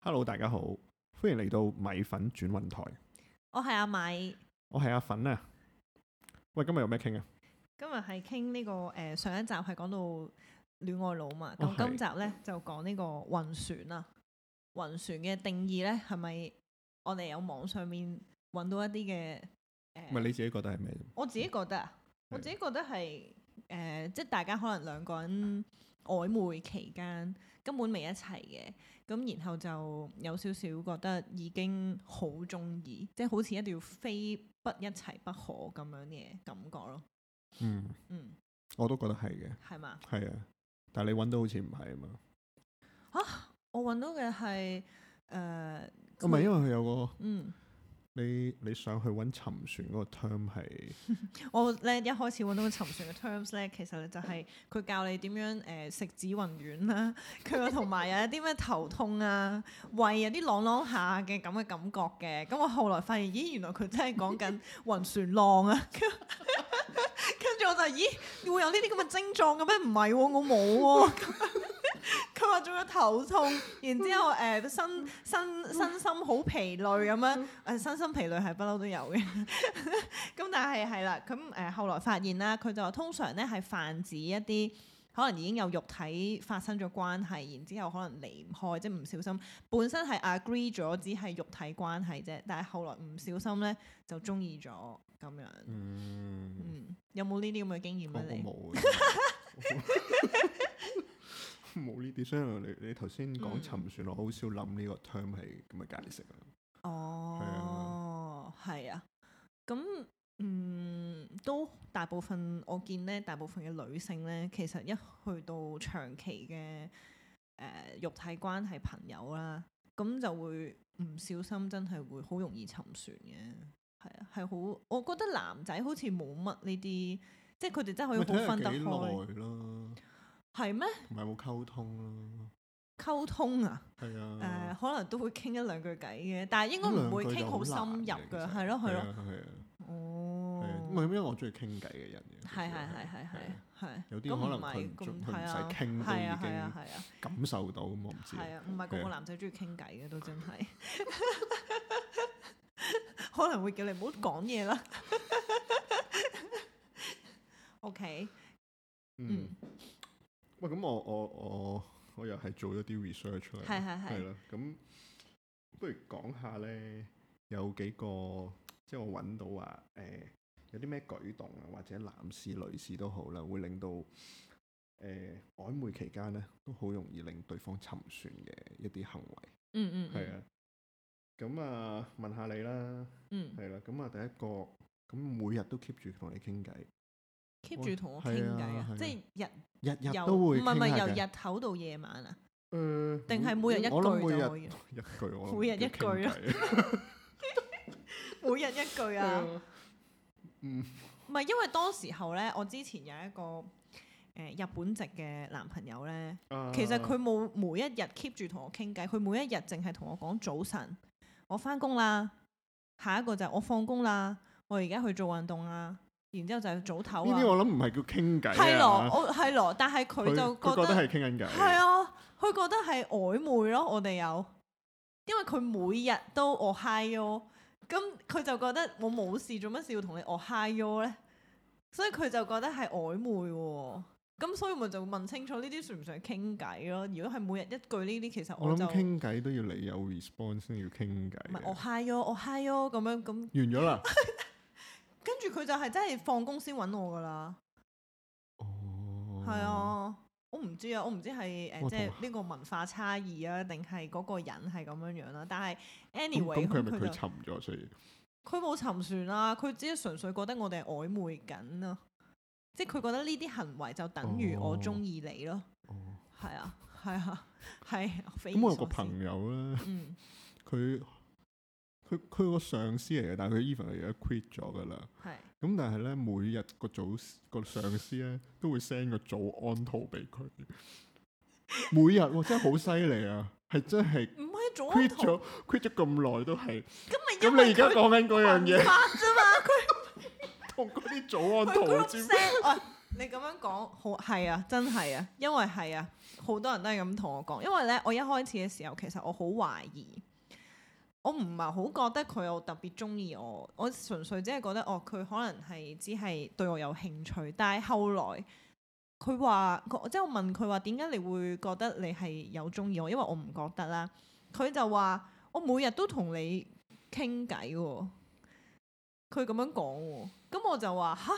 Hello，大家好，歡迎嚟到米粉轉運台。我係阿米，我係阿粉啊。喂，今日有咩傾啊？今日係傾呢個誒、呃，上一集係講到戀愛腦嘛？咁、哦、今集咧是的 就講呢個沉船啦。沉船嘅定義咧係咪我哋有網上面揾到一啲嘅？唔、呃、係你自己覺得係咩？我自己覺得啊，是的 我自己覺得係誒、呃，即係大家可能兩個人曖昧期間根本未一齊嘅。咁然後就有少少覺得已經、就是、好鍾意，即係好似一定要非不一齊不可咁樣嘅感覺咯。嗯嗯，嗯我都覺得係嘅。係嘛嗎？係啊，但係你揾到好似唔係啊嘛？我揾到嘅係誒，咁咪因為佢有個嗯。你你想去揾沉船嗰個 term 係？ 我咧一開始揾到個沉船嘅 terms 咧，其實咧就係佢教你點樣誒食指雲丸啦。佢話同埋有一啲咩頭痛啊，胃有啲啷啷下嘅咁嘅感覺嘅。咁我後來發現，咦原來佢真係講緊暈船浪啊！跟 住 我就咦，會有呢啲咁嘅症狀嘅咩？唔係喎，我冇喎，哦。 佢話仲有頭痛，然之後誒身 身身，身心好疲累咁樣誒， 身心疲累係不嬲都有嘅。咁 但係係啦，咁誒後來發現啦，佢就話通常咧係泛指一啲可能已經有肉體發生咗關係，然之後可能離唔開，即係唔小心本身係 agree 咗，只係肉體關係啫。但係後來唔小心咧就中意咗咁樣。嗯，嗯，有冇呢啲咁嘅經驗啊？你？冇。 冇呢啲，所以你你頭先講沉船，嗯、我好少諗呢個 term 係咁嘅解釋、哦嗯、啊。哦，係、嗯、啊，咁嗯都大部分我見咧，大部分嘅女性咧，其實一去到長期嘅誒、呃、肉體關係朋友啦，咁就會唔小心，真係會好容易沉船嘅。係啊，係好，我覺得男仔好似冇乜呢啲，即係佢哋真係可以好分得開咯。係咩？唔係冇溝通咯，溝通啊，係啊，誒，可能都會傾一兩句偈嘅，但係應該唔會傾好深入噶，係咯，係咯，哦，唔係，因為我中意傾偈嘅人嘅，係係係係係係，有啲可能佢佢唔使傾都已經感受到咁，我唔知係啊，唔係個個男仔中意傾偈嘅都真係，可能會叫你唔好講嘢啦，OK，嗯。喂，咁我我我我又係做咗啲 research 出嚟，係係係，係啦的。咁不如講下咧，有幾個即係我揾到話，誒、呃、有啲咩舉動啊，或者男士、女士都好啦，會令到誒、呃、曖昧期間咧都好容易令對方沉船嘅一啲行為。嗯嗯、嗯。係啊，咁啊問下你啦。嗯、嗯。係啦、啊，咁啊第一個，咁每日都 keep 住同你傾偈。keep 住同我傾偈啊！即係日日都會，唔係唔係由日頭到夜晚啊？定係每日一句就可以？每日一句啊！每日一句啊！唔，唔係，因為當時候呢，我之前有一個日本籍嘅男朋友呢，其實佢冇每一日 keep 住同我傾偈，佢每一日淨係同我講早晨，我翻工啦下一個就係我放工啦，我而家去做運動啦。然之後就係早唞呢啲，我諗唔係叫傾偈係咯，我係咯，但係佢就覺得係傾緊偈，係啊，佢覺得係曖昧咯。我哋有，因為佢每日都 Ohio，咁佢就覺得我冇事做乜事要同你 Ohio 咧，所以佢就覺得係曖昧。咁所以咪就問清楚呢啲算唔算傾偈咯？如果係每日一句呢啲，其實我諗傾偈都要你有 response 先要傾偈，啊 oh oh。唔係 Ohio，Ohio 咁樣咁完咗了啦。 跟住佢就係真係放工先揾我噶啦，哦，係啊，我唔知啊，我唔知係誒即係呢個文化差異啊，定係嗰個人係咁樣樣、啊、啦。但係 anyway，佢係咪佢沉咗，所以佢冇沉船啊。佢只係純粹覺得我哋曖昧緊啊。即係佢覺得呢啲行為就等於我中意你咯，係、oh. oh. 啊，係啊，係、 啊。咁我有個朋友咧， 嗯，佢。佢佢個上司嚟嘅，但係佢 even 而家 quit 咗㗎喇。係是。咁但係咧，每日個早個上司咧都會 send 個早安圖俾佢。每日喎真係好犀利啊！係真係唔係早安圖 quit 咗 quit 咗咁耐都係。咁咪因咁你而家講緊嗰樣嘢啫嘛？佢同嗰啲早安圖。佢聲。喂，你咁樣講好係啊？真係啊！因為係啊，好多人都係咁同我講。因為咧，我一開始嘅時候其實我好懷疑。我唔係好覺得佢有特別中意我，我純粹只係覺得哦，佢可能係只係對我有興趣。但係後來佢話，即係我問佢話，點解你會覺得你係有中意我？因為我唔覺得啦。佢就話我每日都同你傾偈喎，佢咁樣講喎。咁，嗯，我就話吓，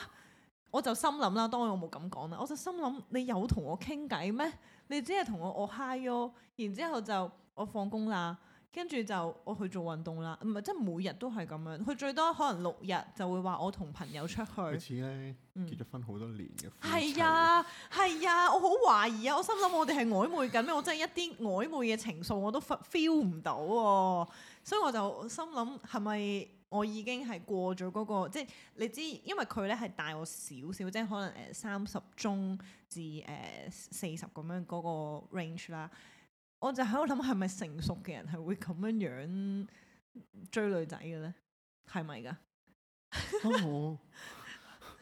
我就心諗啦。當然我冇咁講啦。我就心諗，你有同我傾偈咩？你只係同我我 hi 咯，然之後就我放工啦。跟住就我去做運動啦，唔係即係每日都係咁樣。佢最多可能六日就會話我同朋友出去，似咧結咗婚好多年嘅。係啊，係啊，我好懷疑啊！我心諗我哋係曖昧緊咩？ 我真係一啲曖昧嘅情愫我都 feel 唔到，啊，所以我就心諗係咪我已經係過咗嗰、嗰個？即係你知，因為佢咧係大我少少，即係可能誒三十中至誒四十咁樣嗰個 range 啦。我就喺度諗，係咪成熟嘅人係會咁樣樣追女仔嘅咧？係咪噶？都冇，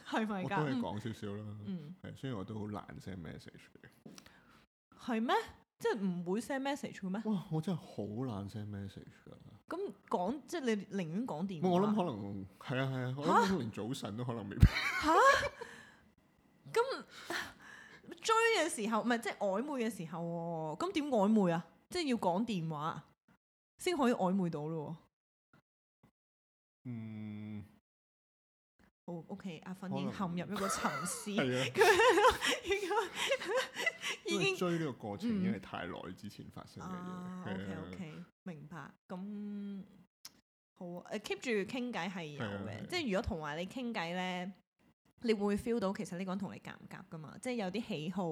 係咪噶？我都係講少少啦。嗯，係雖然我都好難 send message 嘅。係咩？即係唔會 send message 嘅咩？哇！我真係好難 send message 噶。咁講，即係你寧願講電話。我諗可能係啊，係啊，我諗連早晨都可能未必。吓？咁？追嘅時候唔係即係曖昧嘅時候喎，咁點曖昧啊？即係要講電話先可以曖昧到咯喎。嗯，OK，阿粉已經陷入一個沉思。係啊，已經追呢個過程已經係太耐之前發生嘅嘢。OK、嗯啊、OK，, okay 的明白。咁好啊，誒 keep 住傾偈係有嘅，的即係如果同埋你傾偈咧。你會 feel 到其實呢個人同你夾唔夾噶嘛？即係有啲喜好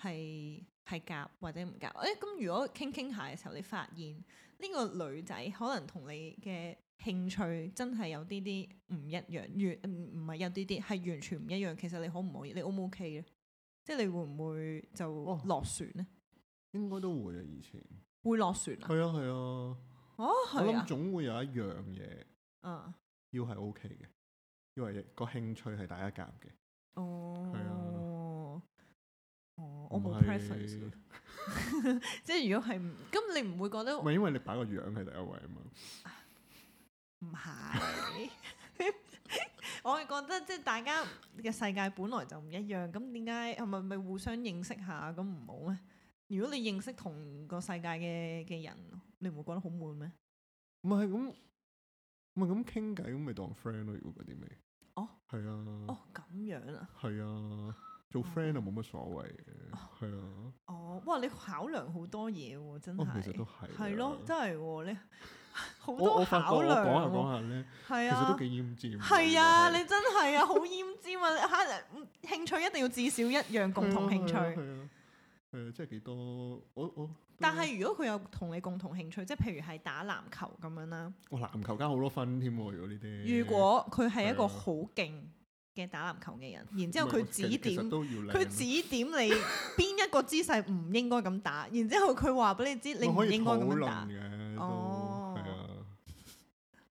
係係夾或者唔夾。誒、哎、咁，如果傾傾下嘅時候，你發現呢、這個女仔可能同你嘅興趣真係有啲啲唔一樣，完唔唔係有啲啲係完全唔一樣。其實你可唔可以？你 O 唔 OK 咧？即係你會唔會就落船咧？哦，應該都會啊！以前會落船啊！係啊係啊！哦，係啊！我諗總會有一樣嘢，嗯、哦，要係 OK 嘅。因為個興趣係大家夾嘅，係、oh, 啊，哦，我冇即係如果係唔，咁你唔會覺得？唔係因為你擺個樣喺第一位啊嘛。唔係，我係覺得即係、就是、大家嘅世界本來就唔一樣。咁點解係咪咪互相認識下咁唔好咩？如果你認識同個世界嘅嘅人，你唔會覺得好悶咩？唔係咁，唔係咁傾偈咁，咪當 friend 咯、啊。如果嗰啲咩？係啊，哦咁樣啊，係啊，做 friend 就冇乜所謂嘅，係啊，哦，哇，你考量好多嘢喎，真係，係咯，真係你，好多考量。我講下講下咧，其實都幾腌尖，係啊，你真係啊，好腌尖啊，吓，興趣一定要至少一樣共同興趣，誒，即係幾多，我我。但係如果佢有同你共同興趣，即係譬如係打籃球咁樣啦。哇！籃球加好多分添喎，如果呢啲。如果佢係一個好勁嘅打籃球嘅人，然之後佢指點佢指點你邊一個姿勢唔應該咁打，然之後佢話俾你知你唔應該咁打。可以討論嘅，哦，係啊。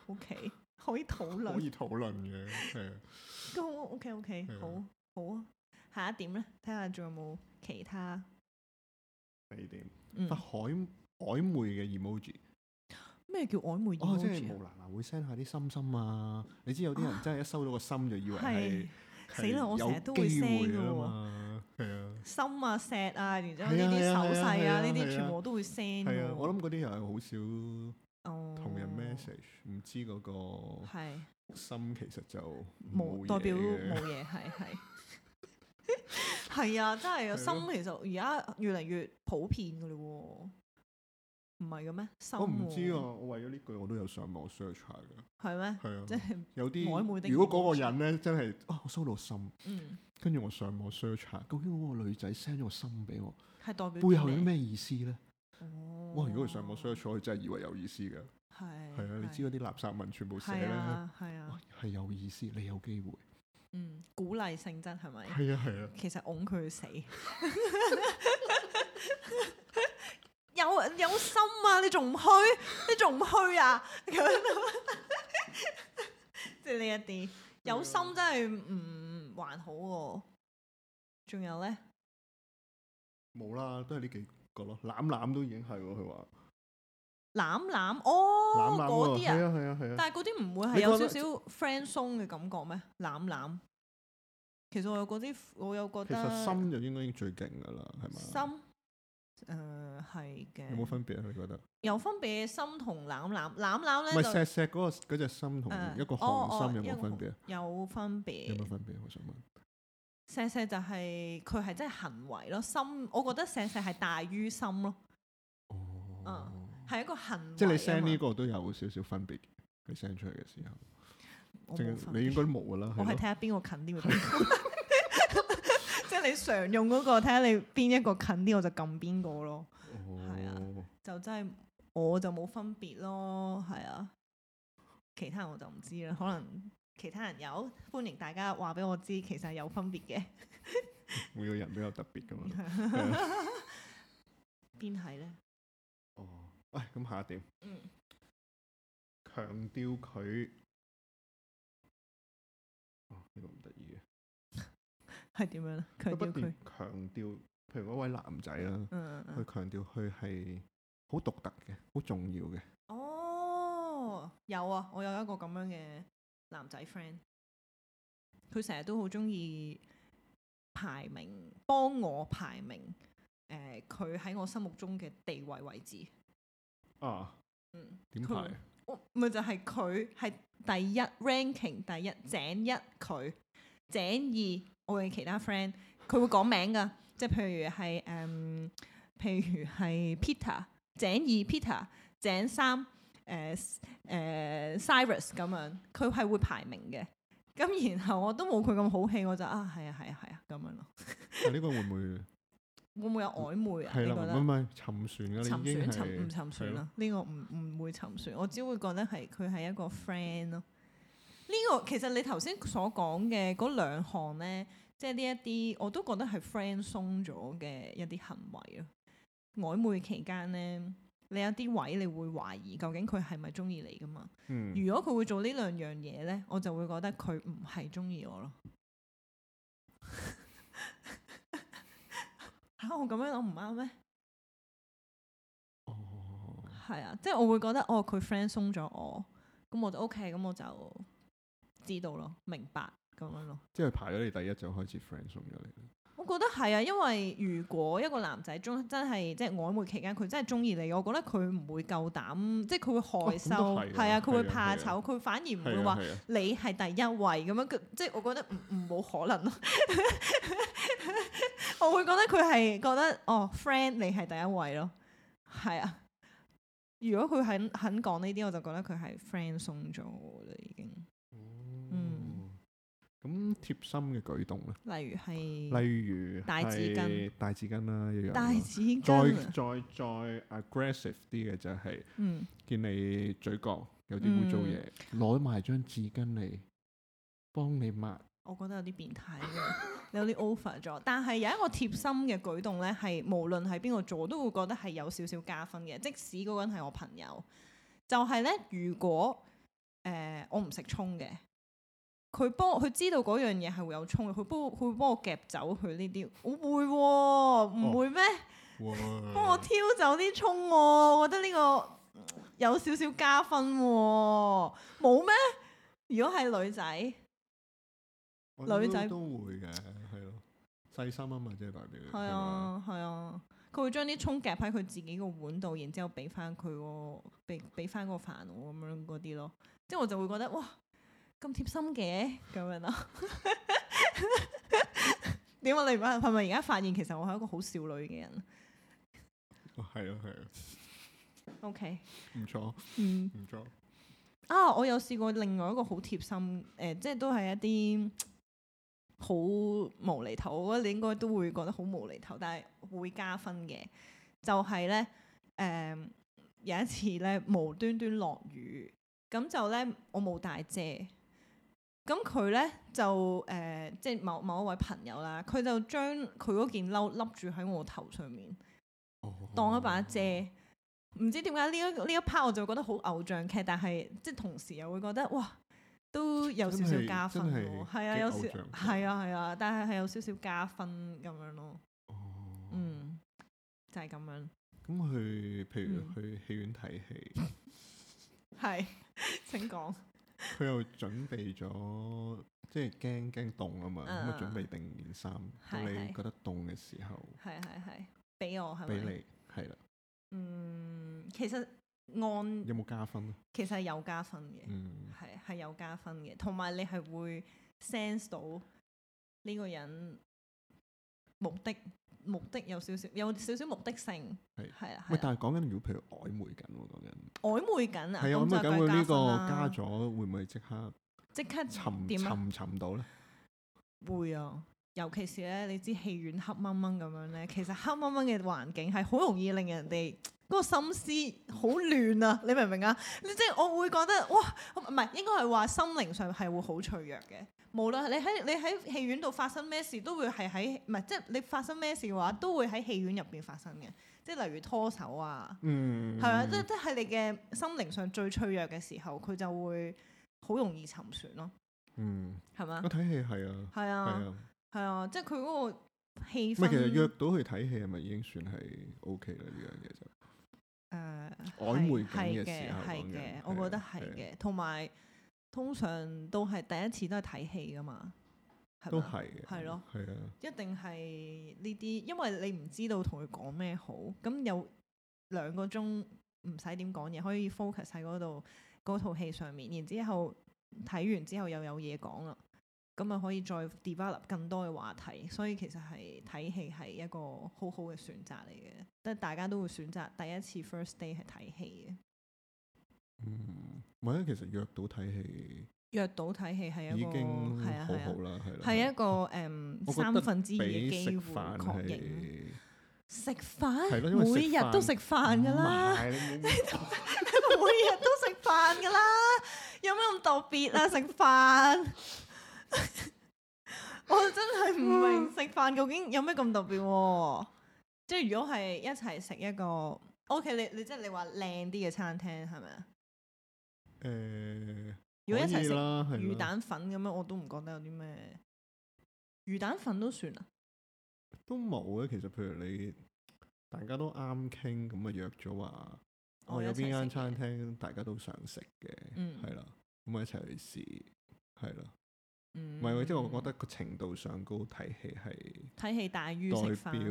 O K，可以討論。可以討論嘅，係啊。都 O K，O K，好，好啊。下一點咧，睇下仲有冇其他。呢啲，發曖昧嘅 emoji，咩叫曖昧 emoji 啊？全部無啦啦會 send 下啲心心啊！你知有啲人真係一收到個心就以為係，死啦！我成日都會 send 㗎喎，係啊，心啊、石啊，然之後呢啲手勢啊，呢啲全部都會 send。係啊，我諗嗰啲又係好少，同人 message，唔知嗰個心其實就冇代表冇嘢，係係。係啊，真係啊，啊心其實而家越嚟越普遍噶啦喎，唔係嘅咩？我唔知啊，我為咗呢句我都有上網 search 下嘅。係咩嗎？係啊，即係有啲。如果嗰個人咧真係，啊、哦、我收到心，嗯、跟住我上網 search 下，究竟嗰個女仔 send 咗個心俾我，係代表背後有咩意思咧？哦，哇、哦！如果佢上網 search 咗，佢真係以為有意思嘅。係是。係啊，你知嗰啲垃圾文全部寫咧，係啊，係啊，係有意思，你有機會。嗯，鼓勵性質係咪？係啊，係啊。其實㧬佢死 有，有有心啊！你仲唔去？你仲唔去啊？咁 樣，即係呢一啲有心真係唔還好喎、啊。仲有咧？冇啦，都係呢幾個咯。攬攬都已經係喎，佢話。攬攬哦，嗰啲啊，啊，啊，啊。但係嗰啲唔會係有少少 friend 鬆嘅感覺咩？攬攬，其實我有嗰啲，我有覺得其心就應該最勁噶啦，係咪？心，誒，係嘅。有冇分別啊？你覺得？有分別，心同攬攬，攬攬咧。唔係石石嗰個只心同一個行心有冇分別有分別。有冇分別？我想問。石石就係佢係真係行為咯，心我覺得石石係大於心咯。哦。係一個近，即係你 send 呢個都有少少分別，佢 send 出嚟嘅時候，你應該冇噶啦。我係睇下邊個近啲嘅，即係你常用嗰個，睇下你邊一個近啲，我就撳邊個咯。係啊，就真係我就冇分別咯。係啊，其他人我就唔知啦。可能其他人有，歡迎大家話俾我知，其實係有分別嘅。每個人都有特別噶嘛，邊係咧？喂，咁、哎、下一點？嗯強、哦這個。 強調佢，哦呢個唔得意嘅。係點樣強調佢，強調，譬如嗰位男仔啦、啊，嗯嗯，去強調佢係好獨特嘅，好重要嘅。哦，有啊，我有一個咁樣嘅男仔 friend，佢成日都好鍾意排名，幫我排名，佢、呃、喺我心目中嘅地位位置。啊，嗯，點排？咪就係佢係第一 ranking，第一井一，佢井二，我嘅其他 friend，佢會講名㗎，即係譬如係誒、um, 譬如係 Peter 井二 Peter 井三誒誒、uh, uh, Cyrus 咁樣，佢係會排名嘅。咁然後我都冇佢咁好氣，我就啊係啊係啊係啊咁樣咯。啊呢、啊啊啊啊、個會唔會？ 會唔會有曖昧啊？嗯、你覺得？唔係、嗯嗯嗯嗯、沉船噶、啊、啦，沉船已經唔沉，沉，沉船啦、啊。呢、嗯、個唔唔會沉船，我只會覺得係佢係一個 friend 咯。呢、呢個其實你頭先所講嘅嗰兩項咧，即係呢一啲，我都覺得係 friend 鬆咗嘅一啲行為咯。曖昧期間咧，你有啲位你會懷疑究竟佢係咪中意你噶嘛？嗯、如果佢會做呢兩樣嘢咧，我就會覺得佢唔係中意我咯。嚇、啊！我咁樣諗唔啱咩？哦，係啊，即係我會覺得哦，佢 friend 鬆咗我，咁我就 OK，咁我就知道咯，明白咁樣咯。即係排咗你第一就開始 friend 鬆咗你。我覺得係啊，因為如果一個男仔中真係即係曖昧期間，佢真係中意你，我覺得佢唔會夠膽，即係佢會害羞，係、哦、啊，佢、啊、會怕醜，佢、啊啊、反而唔會話你係第一位咁樣。即係、啊啊、我覺得唔冇可能咯。 我會覺得佢係覺得哦，friend 你係第一位咯。係啊，如果佢肯肯講呢啲，我就覺得佢係 friend 送咗我啦已經。咁貼心嘅舉動咧，例如係，例如帶紙巾，帶紙巾啦，一樣。帶紙巾。再再再 aggressive 啲嘅就係、是，嗯，見你嘴角有啲污糟嘢，攞埋、嗯、張紙巾嚟幫你抹。我覺得有啲變態嘅， 有啲 over 咗。但係有一個貼心嘅舉動咧，係無論係邊個做都會覺得係有少少加分嘅，即使嗰個人係我朋友。就係、是、咧，如果誒、呃、我唔食蔥嘅。佢幫佢知道嗰樣嘢係會有蔥，佢幫佢會幫我夾走佢呢啲，我、哦、會唔、哦、會咩？幫、哦、 我挑走啲蔥、哦，我覺得呢個有少少加分、哦，冇咩？如果係女仔，哦、女仔生都會嘅，係咯，細心啊嘛，即、就、係、是、代表。係啊，係啊，佢會將啲蔥夾喺佢自己個碗度，然之後俾翻佢個，俾俾翻個飯咁樣嗰啲咯，即係我就會覺得哇。咁貼心嘅咁 樣咯，點解你唔係咪而家發現其實我係一個好少女嘅人？哦，係啊，係啊，OK，唔錯，嗯，唔錯。啊，我有試過另外一個好貼心，誒、呃，即係都係一啲好無厘頭，我覺得你應該都會覺得好無厘頭，但係會加分嘅，就係、是、咧，誒、呃，有一次咧無端端落雨，咁就咧我冇帶遮。咁佢咧就誒、呃，即係某某一位朋友啦，佢就將佢嗰件褸笠住喺我頭上面，oh、當一把遮。唔知點解呢一呢一 part 我就覺得好偶像劇，但係即係同時又會覺得哇，都有少少,少加分嘅，係啊，有少，係啊係啊，但係係有少少加分咁樣咯。Oh、嗯，就係、是、咁樣。咁去，譬如去戲院睇戲，係、嗯， 請講。 佢又準備咗，即係驚驚凍啊嘛，咁啊、uh，準備定件衫。係係到你覺得凍嘅時候，係係係，俾我係咪？俾你係啦。嗯，其實按有冇加分啊？其實係有加分嘅，嗯，係係有加分嘅，同埋、嗯、你係會 sense 到呢個人目的。目的有少少，有少少目的性，係係啊。喂，但係講緊如果譬如曖昧緊，講緊曖昧緊啊，昧再加呢啦。加咗會唔會即刻即刻沉沉沉到咧？會啊，尤其是咧，你知戲院黑掹掹咁樣咧，其實黑掹掹嘅環境係好容易令人哋嗰 個心思好亂啊！你明唔明啊？你即係我會覺得哇，唔係應該係話心靈上係會好脆弱嘅。無論你喺你喺戲院度發生咩事，都會係喺唔係即係你發生咩事嘅話，都會喺戲院入邊發生嘅，即係例如拖手啊，係啊，即係即係你嘅心靈上最脆弱嘅時候，佢就會好容易沉船咯。嗯，係嘛？我睇戲係啊，係啊，係啊，即係佢嗰個氣氛。其實約到去睇戲係咪已經算係 OK 啦？呢樣嘢就誒曖昧緊嘅時嘅，我覺得係嘅，同埋。通常都係第一次都係睇戲噶嘛，係都係嘅，係咯的，係啊的，一定係呢啲，因為你唔知道同佢講咩好，咁有兩個鐘唔使點講嘢，可以 focus 喺嗰度嗰套戲上面，然之後睇完之後又有嘢講啦，咁啊可以再 develop 更多嘅話題，所以其實係睇戲係一個好好嘅選擇嚟嘅，即係大家都會選擇第一次 first day 係睇戲嘅，嗯。其實約到睇戲，約到睇戲係一個已經好好啦，係啦，一個誒三、um, 分之二嘅機會確認。食飯？飯每日都食飯噶啦，是 每日都食飯噶啦， 有咩咁特別啊？食飯？ 我真係唔明，食飯究竟有咩咁特別，啊？ 即係如果係一齊食一個 OK，你你即係你話靚啲嘅餐廳係咪啊？誒，如果一齊，可以啦，係嘛對啦？魚蛋粉咁樣我都唔覺得有啲咩，魚蛋粉都算啦。都冇啊，其實譬如你大家都啱傾，咁啊約咗話，哦有邊間餐廳大家都想食嘅，係、嗯、啦，咁啊一齊去試，係咯。唔係、嗯，即係、就是、我覺得個程度上高睇戲係，睇戲大於代表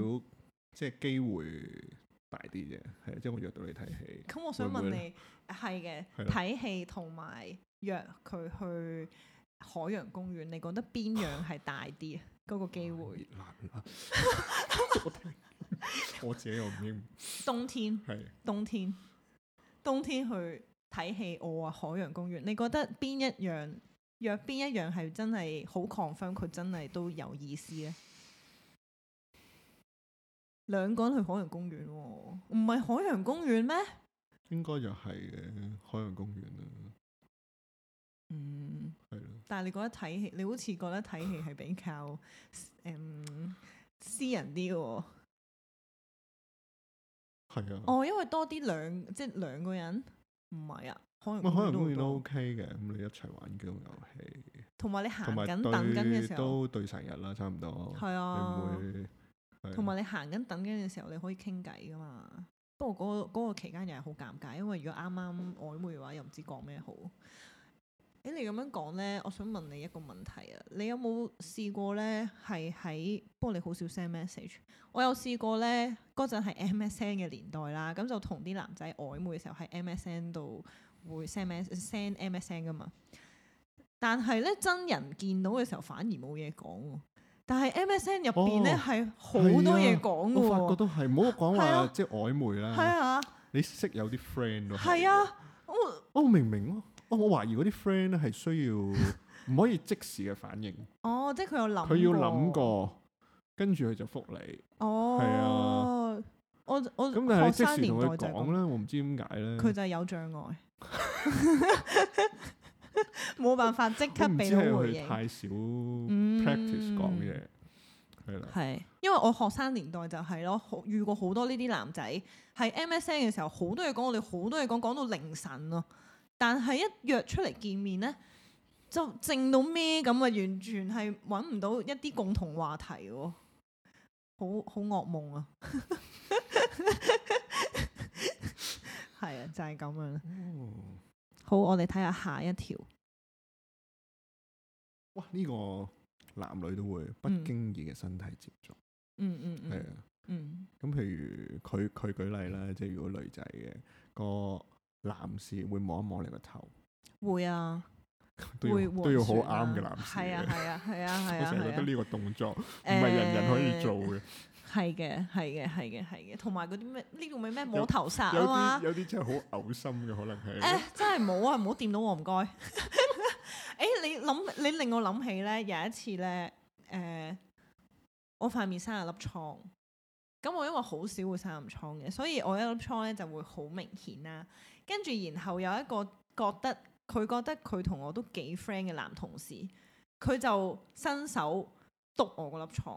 即係機會。大啲嘅，係即係我約到你睇戲。咁我想問你，係嘅睇戲同埋約佢去海洋公園，你覺得邊樣係大啲 啊？嗰個機會。 我自己又唔知。冬天係的冬天，冬天去睇戲，我話海洋公園，你覺得邊一樣約邊一樣係真係好 confirm？佢真係都有意思咧。兩個人去海洋公園喎、哦，唔係海洋公園咩？應該又係嘅海洋公園啊。嗯，係咯的。但係你覺得睇戲，你好似覺得睇戲係比較誒、嗯、私人啲喎、哦。係啊。哦，因為多啲兩即係兩個人，唔係啊。海洋公園、海洋公園都 OK 嘅，咁你一齊玩幾種遊戲。同埋你行緊，同埋等緊嘅時候都對成日啦，差唔多。係啊的。同埋你行緊等緊嘅時候，你可以傾偈噶嘛？不過嗰個嗰個期間又係好尷尬，因為如果啱啱曖昧嘅話，又唔知講咩好。誒、欸，你咁樣講咧，我想問你一個問題啊！你有冇試過咧？係喺不過你好少 send message。我有試過咧，嗰陣係 MSN 嘅年代啦，咁就同啲男仔曖昧嘅時候喺 MSN 度會 send send MSN 噶嘛。但係咧，真人見到嘅時候反而冇嘢講喎。但係 MSN 入邊咧係好多嘢講嘅喎，我發覺都係唔好講話，即係曖昧啦。係啊，你識有啲 friend 咯。係啊，我我明明咯，我我懷疑嗰啲 friend 咧係需要唔可以即時嘅反應。哦，即係佢有諗佢要諗過，跟住佢就覆你。哦，係啊，我我咁但係即時同佢講啦，我唔知點解咧。佢就係有障礙。冇 辦法，即刻俾到回應。太少 practice 講嘢，係啦。係，因為我學生年代就係咯，遇過好多呢啲男仔，係 MSN 嘅時候好多嘢講，我哋好多嘢講，講到凌晨咯。但係一約出嚟見面咧，就靜到咩咁啊！完全係搵唔到一啲共同話題，好好噩夢啊！係 啊，就係、係、咁樣。嗯好，我哋睇下下一條。哇！呢、呢個男女都會不經意嘅身體接觸。嗯嗯。係啊。嗯。咁、嗯的嗯、譬如佢佢舉例啦，即係如果女仔嘅、嗰個男士會摸一摸你個頭。會啊。都要、啊、都要好啱嘅男士。係啊係啊係啊係啊！我成日、啊啊啊啊、 覺得呢個動作唔係人人可以做嘅。欸係嘅，係嘅，係嘅，係嘅，同埋嗰啲咩？呢個咪咩摸頭殺，有啲有啲真係好嘔心嘅，可能係誒 真係冇啊！冇掂到我唔該。誒， 你諗你令我諗起咧，有一次咧，誒、呃，我塊面生咗粒瘡，咁我因為好少會生暗瘡嘅，所以我一粒瘡咧就會好明顯啦。跟住然後有一個覺得佢覺得佢同我都幾 friend 嘅男同事，佢就伸手督我嗰粒瘡，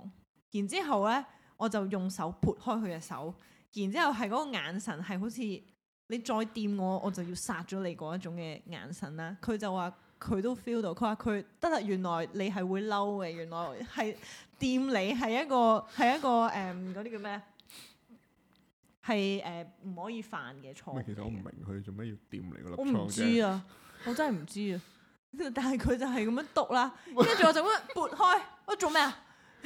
然之後咧。我就用手撥開佢嘅手，然之後係嗰個眼神係好似你再掂我，我就要殺咗你嗰一種嘅眼神啦。佢就話佢都 feel 到，佢話佢得啦，原來你係會嬲嘅，原來係掂你係一個係一個誒嗰啲叫咩？係誒唔可以犯嘅錯。其實我唔明佢做咩要掂你，我唔知啊， 我真係唔知啊！ 但係佢就係咁樣篤啦，跟住我就咁樣撥開，我做咩啊？咁 我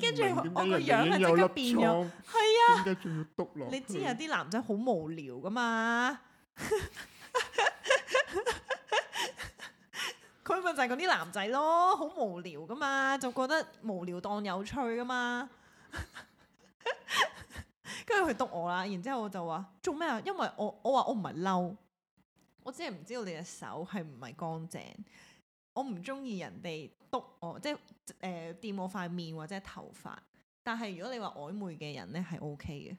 跟住我個 樣係即刻變咗。係啊，點解仲要篤落。你知有啲男仔好無聊噶嘛？佢 咪就係嗰啲男仔咯好無聊噶嘛，就覺得無聊當有趣噶嘛。跟住佢督我啦，然之後我就話做咩啊？因為我我話我唔係嬲，我只係唔知道你隻手係唔係乾淨。我唔中意人哋督我，即係誒，掂我塊面或者頭髮，但係如果你話曖昧嘅人咧係 OK 嘅。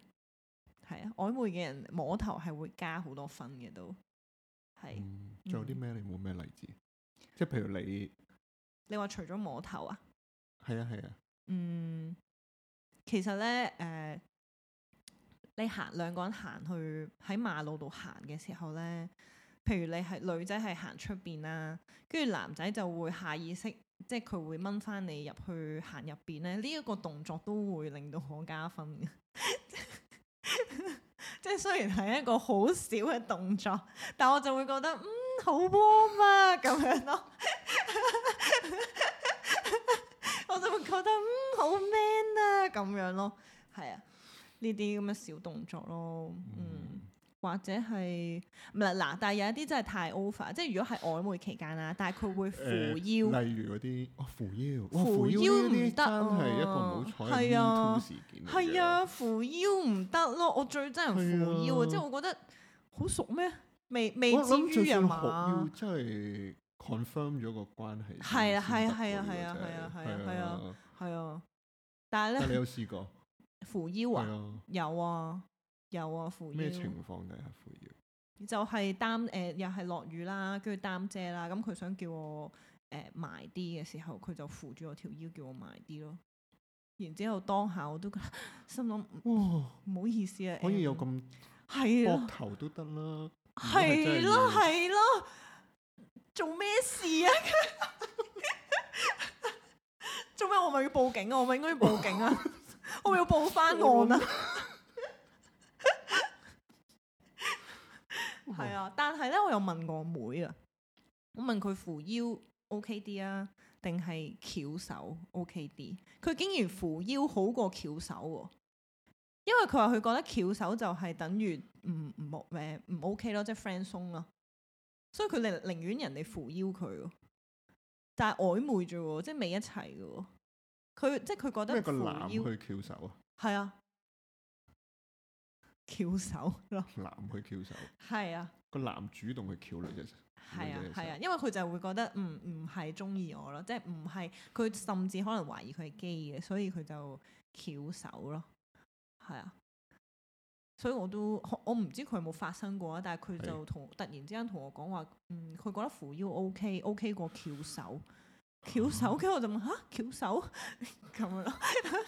係啊，曖昧嘅人摸頭係會加好多分嘅都，係。仲、嗯、有啲咩、嗯、你冇咩例子？即係譬如你，你話除咗摸頭啊？係啊係啊。啊嗯，其實咧誒、呃，你行兩個人行去喺馬路度行嘅時候咧。譬如你係女仔係行出邊啦，跟住男仔就會下意識，即係佢會掹翻你入去行入邊咧。呢一個動作都會令到我加分嘅， 即係雖然係一個好小嘅動作，但我就會覺得嗯好 warm 啊， 咁樣咯，我就會覺得嗯好 man 啊咁樣咯，係啊，呢啲咁嘅小動作咯，嗯。或者係唔係嗱？但係有一啲真係太 over，即係如果係曖昧期間啊，但係佢會扶腰。例如嗰啲扶腰，扶腰唔得啊！係一個唔好彩的 t 事件。係啊，扶腰唔得咯！我最憎人扶腰啊！即係我覺得好熟咩？未未至於啊嘛。要真係 confirm 咗個關係。係啊，係啊，係啊，係啊，係啊，係啊，係啊！啊。但係咧，你有試過扶腰啊？有啊。有啊，扶腰。咩情況？就係扶腰，就係擔誒，又係落雨啦，跟住擔遮啦。咁、嗯、佢想叫我誒埋啲嘅時候，佢就扶住我條腰，叫我埋啲咯。然之後當下我都心諗，哇，唔好意思啊，呃、可以有咁啊，膊頭都得啦，係咯啦，係咯，做咩事啊？做 咩？我咪要報警啊？我咪應該要報警啊？哇 我咪要報翻案啊？ 係啊，但係呢，我有問過我妹啊，我問佢扶腰 OK 啲啊，定係翹手 OK 啲？佢竟然扶腰好過翹手喎、啊，因為佢話佢覺得翹手就係等於唔唔冇唔 OK 咯，即、就、係、是、friend 鬆咯、啊，所以佢寧寧願人哋扶腰佢，但係曖昧啫喎、啊就是啊，即係未一齊嘅喎，佢即係佢覺得個男扶腰佢翹手啊，係啊。翹手咯，男去翹手，係啊，個男主動去翹女啫，係啊，係啊，啊，因為佢就係會覺得唔唔係中意我咯，即係唔係佢甚至可能懷疑佢係基嘅，所以佢就翹手咯，係啊，所以我都我唔知佢有冇發生過啊，但係佢就同突然之間同我講話，嗯，佢覺得扶腰 O K O K 過翹手，翹手，跟住 我就問吓翹手咁樣咯，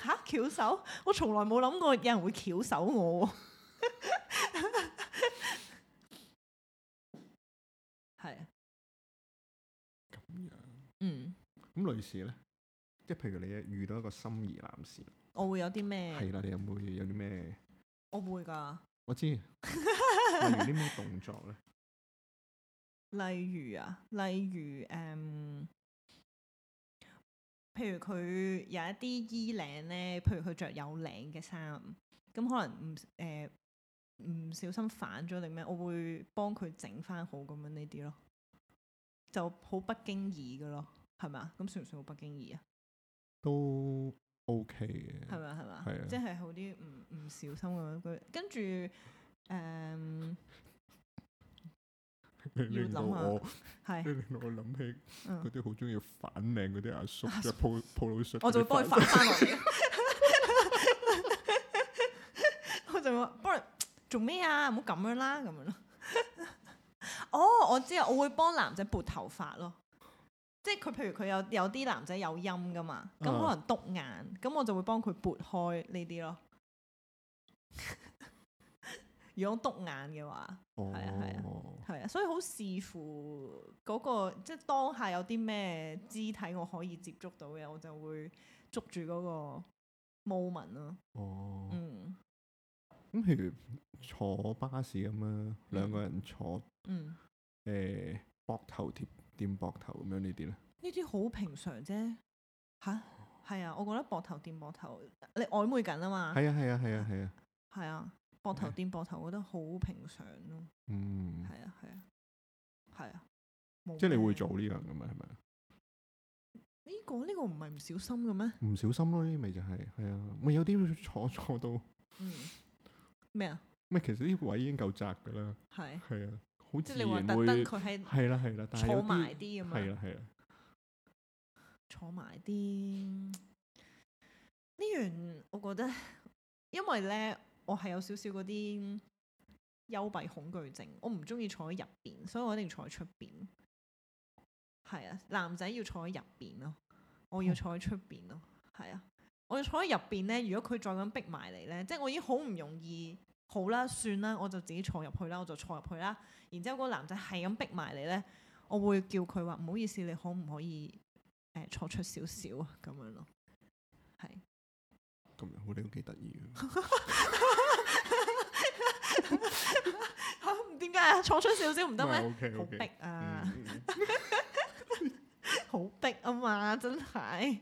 吓 翹手，我從來冇諗過有人會翹手我。係 是啊，咁樣，嗯，咁女士咧，即係譬如你遇到一個心儀男士，我會有啲咩？係啦、啊，你有冇會有啲咩？我會噶，我知。有啲咩動作咧？ 例如啊，例如誒、嗯，譬如佢有一啲衣領咧，譬如佢着有領嘅衫，咁可能唔誒。呃唔小心反咗定咩？我會幫佢整翻好咁樣呢啲咯，就好不經意㗎咯，係咪啊？咁算唔算好不經意、okay、啊？都 OK 嘅，係咪？係咪，即係好啲唔唔小心咁樣。跟住誒，令、嗯、到我係令我諗、這個、起嗰啲好中意反命嗰啲阿叔，即係抱抱老衰。我就幫佢 反翻我，我就幫。做咩啊？唔好咁樣啦，咁樣咯。 哦，我知啊，我會幫男仔撥頭髮咯。即係佢，譬如佢有有啲男仔有陰㗎嘛，咁、uh. 可能篤眼，咁我就會幫佢撥開呢啲咯。 如果篤眼嘅話，係、uh. 啊係啊係啊，所以好視乎嗰、那個即係、就是、當下有啲咩肢體我可以接觸到嘅，我就會捉住嗰個 moment 咯、啊。哦。Uh. 咁譬如坐巴士咁啦，兩個人坐，嗯，誒膊頭貼掂膊頭咁樣呢啲咧？呢啲好平常啫，吓？係啊！我覺得膊頭掂膊頭，你曖昧緊啊嘛！係啊係啊係啊係啊！係啊，膊頭掂膊頭，我覺得好平常咯。嗯，係啊係啊係啊，即係你會做呢樣嘅咩？係咪？呢個呢個唔係唔小心嘅咩？唔小心咯，呢啲咪就係係啊！咪有啲坐坐到。咩啊？咩，其實呢個位已經夠窄噶啦。係的。係啊，好似你話特登佢喺，係啦係啦，但係坐埋啲。咁係啦係啦。坐埋啲。呢、這、樣、個、我覺得，因為咧，我係有少少嗰啲幽閉恐懼症，我唔中意坐喺入邊，所以我一定要坐喺出邊。係啊，男仔要坐喺入邊咯，我要坐喺出邊咯。係啊、嗯。我哋坐喺入邊咧，如果佢再咁逼埋嚟咧，即係我已經好唔容易，好啦，算啦，我就自己坐入去啦，我就坐入去啦。然之後嗰個男仔係咁逼埋嚟咧，我會叫佢話，唔好意思，你可唔可以誒、呃、坐出少少 okay, okay, 迫啊？咁樣咯，係。咁我哋都幾得意嘅。點解坐出少少唔得咩？好逼啊！好逼啊嘛，真係。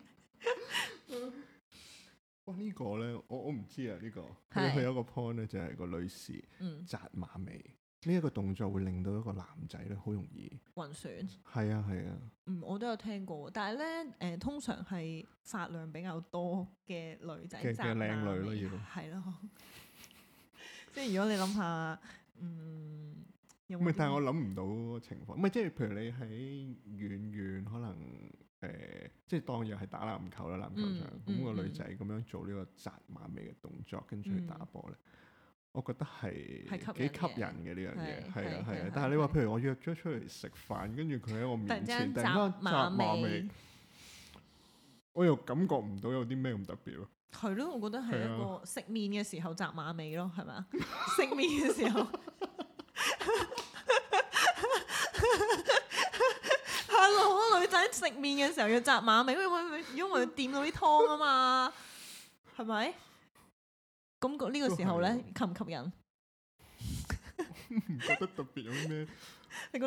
這個、呢個咧，我我唔知啊，呢、這個佢佢是有一個 point 咧，就係個女士紮馬尾，呢一、嗯、個動作會令到一個男仔咧好容易暈船。係啊係啊。啊嗯，我都有聽過，但係咧，誒、呃，通常係發量比較多嘅女仔紮馬尾嘅靚女咯，要係咯。即係如果你諗下，嗯， 有冇？唔係，但係我諗唔到情況。唔係，即係譬如你喺遠遠可能。誒，即係當日係打籃球啦，籃球場咁個女仔咁樣做呢個紮馬尾嘅動作，跟住去打波咧，我覺得係幾吸引嘅呢樣嘢，係啊係啊。但係你話譬如我約咗出嚟食飯，跟住佢喺我面前突然間紮馬尾，我又感覺唔到有啲咩咁特別咯。係咯，我覺得係一個食麵嘅時候紮馬尾咯，係咪？食麵嘅時候。食麵嘅時候要紮馬尾，因為因為掂到啲湯啊嘛，係咪？咁個呢個時候咧，吸唔吸引？唔覺得特別有啲咩？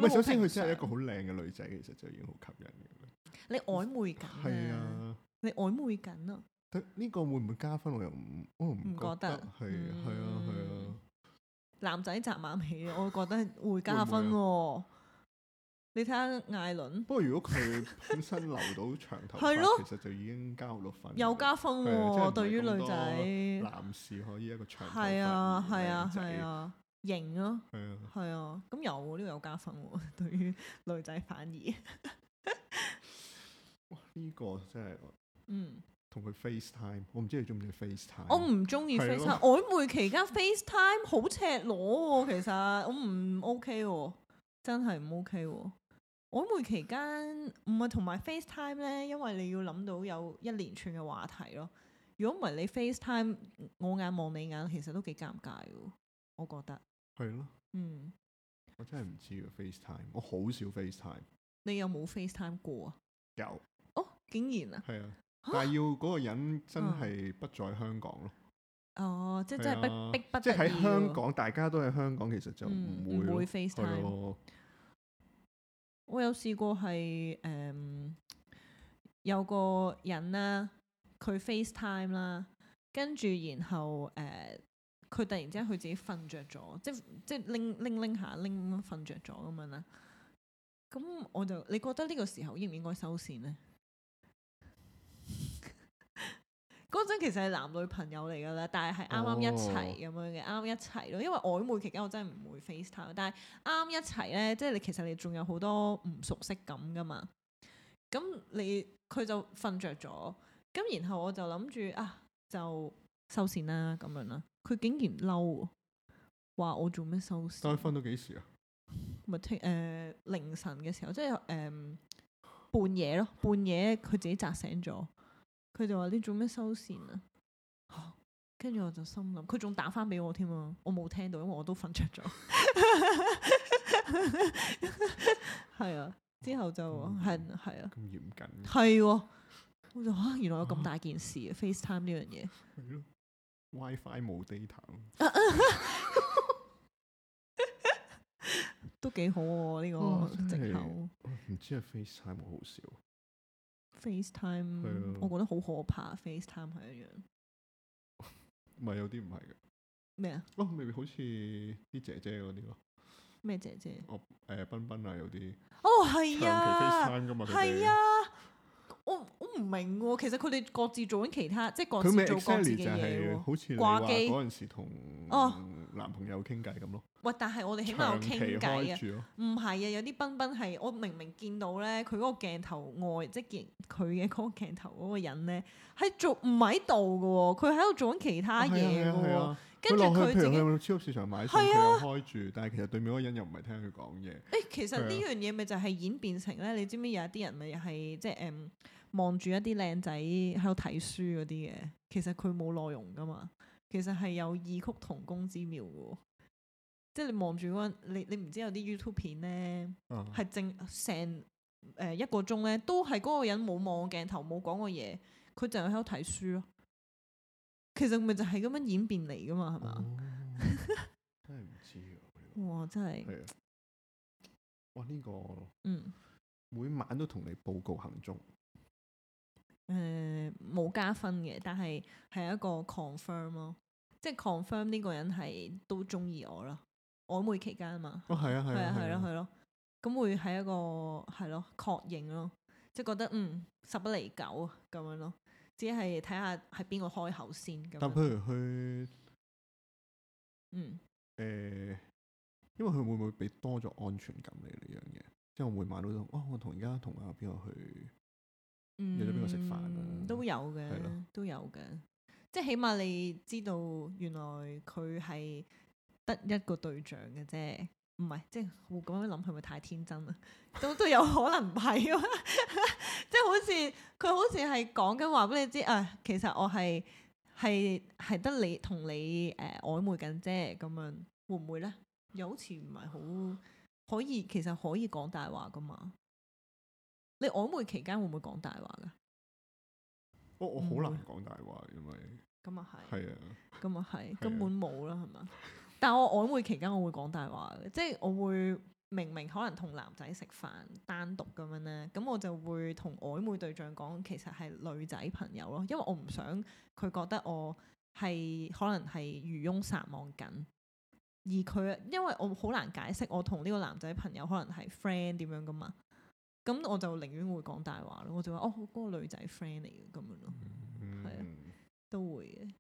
喂，首先佢真係一個好靚嘅女仔，其實就已經好吸引嘅。你曖昧緊？係啊。你曖昧緊啊？呢個會唔會加分？我又唔，我唔覺得。係啊，係啊，係啊。男仔紮馬尾，我覺得會加分喎。你睇下艾倫，不過如果佢本身留到長頭髮，其實就已經加好多分。有加分喎，對於女仔，男士可以一個長頭髮，係啊，係啊，係啊，型咯，係啊，係啊，咁有呢個有加分，對於女仔反而，哇，呢個真係，嗯，同佢 FaceTime，我唔知你中唔中意 FaceTime。我唔中意 FaceTime，曖昧期間 FaceTime 好赤裸，其實我唔 OK 喎。真係唔 OK 喎！曖昧期間唔係同埋 FaceTime 咧，因為你要諗到有一連串嘅話題咯。如果唔係你 FaceTime 我眼望你眼，其實都幾尷尬喎。我覺得係咯，的嗯，我真係唔知喎 FaceTime，我好少 FaceTime。你有冇 FaceTime 過啊？有哦，竟然啊，係的啊，但係要嗰個人真係不在香港咯。哦，即係即係逼逼不得已，即係喺香港大家都喺香港，其實就唔會、嗯、會 FaceTime。我有試過係誒、呃、有個人啦，佢 FaceTime 啦，跟住然後誒佢、呃、突然之間佢自己瞓着咗，即係即係拎拎拎下拎瞓着咗咁樣啦。咁我就你覺得呢個時候應唔應該收線咧？嗰陣其實係男女朋友嚟㗎啦，但係係啱啱一齊咁樣嘅，啱啱、哦、一齊咯。因為曖昧期間我真係唔會 FaceTime，但係啱啱一齊咧，即係你其實你仲有好多唔熟悉感㗎嘛。咁你佢就瞓着咗，咁然後我就諗住啊，就收線啦咁樣啦。佢竟然嬲喎，話我做咩收線？但係瞓到幾時啊？咪聽誒凌晨嘅時候，即係誒、呃、半夜咯，半夜佢自己砸醒咗。佢就話：你做咩收線啊？跟、哦、住我就心諗，佢仲打翻俾我添啊！我冇聽到，因為我都瞓着咗。係 啊，之後就係係、嗯、啊。咁、啊、嚴謹。係喎、啊，我就嚇原來有咁大件事啊！FaceTime 呢樣嘢。WiFi 冇 data a 都幾好喎、啊、呢、呢個藉口。唔、嗯、知啊，FaceTime 好少。FaceTime，< 對了 S 1> 我覺得好可怕。FaceTime 係一樣，唔係 有啲唔係嘅咩啊？麼哦，咪好似啲姐姐嗰啲咯，咩姐姐？呃、繃繃哦，誒，彬彬啊，有啲哦，係啊，係啊們，我我唔明喎、啊，其實佢哋各自做緊其他，即係各自做各自嘅嘢喎，exactly、好似掛機嗰陣時同哦。男朋友傾偈咁咯，喂！但係我哋起碼有傾偈啊，唔係著啊，有啲賓賓係我明明見到咧，佢嗰個鏡頭外，即係佢嘅嗰個鏡頭嗰個人咧，係做唔喺度嘅喎，佢喺度做緊其他嘢嘅喎，跟住佢自己去超級市場買，係、啊、開住，但係其實對面嗰個人又唔係聽佢講嘢。誒、欸，其實呢樣嘢咪就係演變成咧，你知唔知有是、就是嗯、一啲人咪係即係誒望住一啲靚仔喺度睇書嗰啲嘅，其實佢冇內容噶嘛。其實係有異曲同工之妙嘅，即係你望住嗰個你你唔知有啲 YouTube 片咧，係正成誒一個鐘咧，都係嗰個人冇望鏡頭，冇講過嘢，佢淨係喺度睇書咯。其實咪就係咁樣演變嚟噶嘛，係嘛？真係唔知啊！哇，真係，哇呢個，嗯，每晚都同你報告行蹤。誒，冇、呃、加分嘅，但係係一個 confirm 咯，即係 confirm 呢個人係都中意我咯，曖昧期間啊嘛，哦，係啊，係啊，係咯，係咯，咁會係一個係咯確認咯，即係覺得嗯十不離九啊咁樣咯，只係睇下係邊個開口先。但譬如去，嗯，誒、呃，因為佢會唔會俾多咗安全感你呢樣嘢？即係我會買到，哇、哦！我同而家同阿邊個去？約咗邊個食飯都有嘅，都有嘅對了，即係起碼你知道原來佢係得一個對象嘅啫，唔係即係會咁樣諗係咪太天真啦？都都有可能唔係， 即係好似佢好似係講緊話俾你知，誒、啊，其實我係係係得你同你誒曖、呃、昧緊啫，咁樣會唔會咧？又好似唔係好可以，其實可以講大話噶嘛？你曖昧期間會唔會講大話噶？我我好難講大話，會因為咁、啊係、是啊係，係啊，咁啊係，根本冇啦，係嘛？但係我曖昧期間我會講大話，即係我會明明可能同男仔食飯單獨咁樣咧，咁我就會同曖昧對象講，其實係女仔朋友咯，因為我唔想佢覺得我係可能係漁翁撒網緊，而佢因為我好難解釋，我同呢個男仔朋友可能係 friend 點樣噶嘛。咁我就寧願會講大話咯，我就話哦，嗰、那個女仔 friend 嚟嘅咁樣咯，係、嗯、啊，都會嘅，